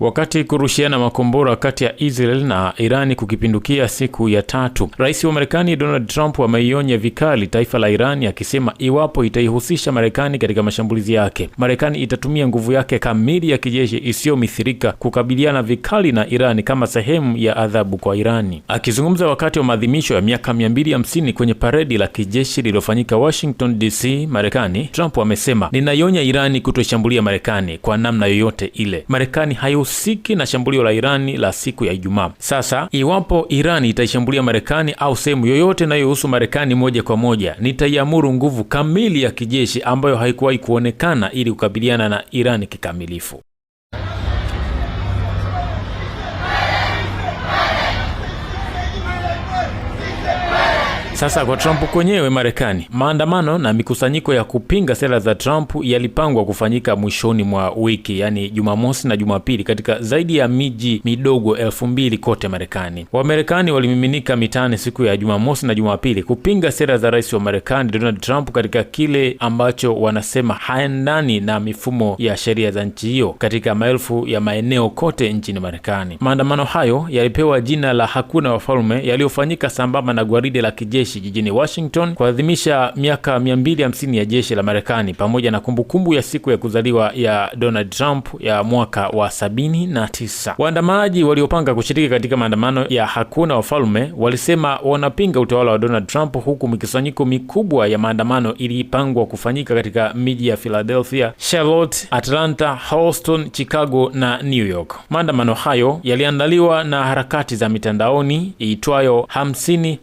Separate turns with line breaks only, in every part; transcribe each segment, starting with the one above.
Wakati kurushiana makombora kati ya Israel na Irani kukipindukia siku ya tatu, rais wa Marekani Donald Trump ameionya vikali taifa la Irani akisema iwapo itaihusisha Marekani katika mashambulizi yake, Marekani itatumia nguvu yake kamili ya kijeshi isiyomithirika kukabiliana vikali na Irani kama sehemu ya adhabu kwa Irani. Akizungumza wakati wa maadhimisho ya miaka 250 kwenye paredi la kijeshi lililofanyika Washington DC, Marekani, Trump amesema, ninaionya Irani kutoshambulia Marekani kwa namna yoyote ile. Marekani hayo hahusiki na shambulio la Irani la siku ya Ijumaa. Sasa iwapo Irani itaishambulia Marekani au sehemu yoyote inayohusu Marekani moja kwa moja, nitaiamuru nguvu kamili ya kijeshi ambayo haikuwahi kuonekana ili kukabiliana na Irani kikamilifu. Sasa kwa Trump kwenyewe Marekani, maandamano na mikusanyiko ya kupinga sera za Trump yalipangwa kufanyika mwishoni mwa wiki, yani Jumamosi na Jumapili, katika zaidi ya miji midogo elfu mbili kote Marekani. Wamarekani walimiminika mitaani siku ya Jumamosi na Jumapili kupinga sera za rais wa Marekani Donald Trump katika kile ambacho wanasema haendani na mifumo ya sheria za nchi hiyo katika maelfu ya maeneo kote nchini Marekani. Maandamano hayo yalipewa jina la hakuna wafalme, yaliyofanyika sambamba na gwaride la kijeshi jeshi jijini Washington kuadhimisha miaka 250 ya jeshi la Marekani pamoja na kumbukumbu ya siku ya kuzaliwa ya Donald Trump ya mwaka wa 79. Waandamanaji waliopanga kushiriki katika maandamano ya hakuna wafalume walisema wanapinga utawala wa Donald Trump, huku mikusanyiko mikubwa ya maandamano ilipangwa kufanyika katika miji ya Philadelphia, Charlotte, Atlanta, Houston, Chicago na New York. Maandamano hayo yaliandaliwa na harakati za mitandaoni iitwayo 50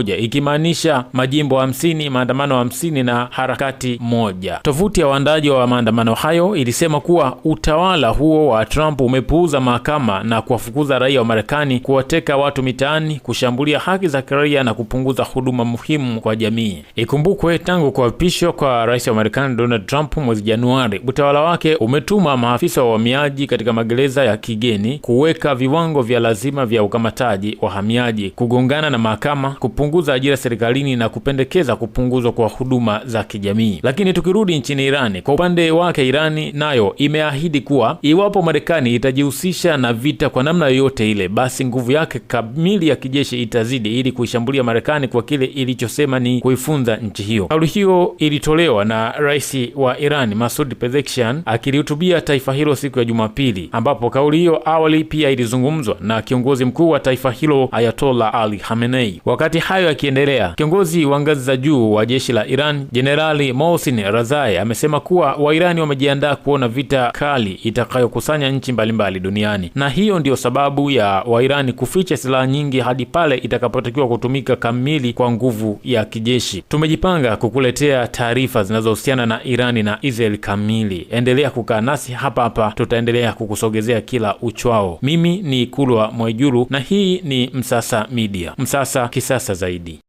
moja, ikimaanisha majimbo hamsini, maandamano hamsini na harakati moja. Tovuti ya waandaji wa maandamano hayo ilisema kuwa utawala huo wa Trump umepuuza mahakama na kuwafukuza raia wa Marekani, kuwateka watu mitaani, kushambulia haki za kiraia na kupunguza huduma muhimu kwa jamii. Ikumbukwe, tangu kuapishwa kwa rais wa Marekani Donald Trump mwezi Januari, utawala wake umetuma maafisa wa uhamiaji katika magereza ya kigeni, kuweka viwango vya lazima vya ukamataji wahamiaji, kugongana na mahakama, kupunguza kupunguza ajira serikalini na kupendekeza kupunguzwa kwa huduma za kijamii. Lakini tukirudi nchini Irani, kwa upande wake Irani nayo imeahidi kuwa iwapo Marekani itajihusisha na vita kwa namna yoyote ile, basi nguvu yake kamili ya kijeshi itazidi ili kuishambulia Marekani kwa kile ilichosema ni kuifunza nchi hiyo. Kauli hiyo ilitolewa na rais wa Irani Masud Pezeshkian akilihutubia taifa hilo siku ya Jumapili, ambapo kauli hiyo awali pia ilizungumzwa na kiongozi mkuu wa taifa hilo Ayatollah Ali Khamenei. Wakati hayo Hayo yakiendelea, kiongozi wa ngazi za juu wa jeshi la Iran Jenerali Mohsin Razai amesema kuwa Wairani wamejiandaa kuona vita kali itakayokusanya nchi mbalimbali duniani, na hiyo ndiyo sababu ya Wairani kuficha silaha nyingi hadi pale itakapotakiwa kutumika kamili kwa nguvu ya kijeshi. Tumejipanga kukuletea taarifa zinazohusiana na Irani na Israel kamili. Endelea kukaa nasi hapa hapa, tutaendelea kukusogezea kila uchwao. Mimi ni Kulwa Mwaijuru na hii ni Msasa Media, Msasa kisasa zaidi. zaidi.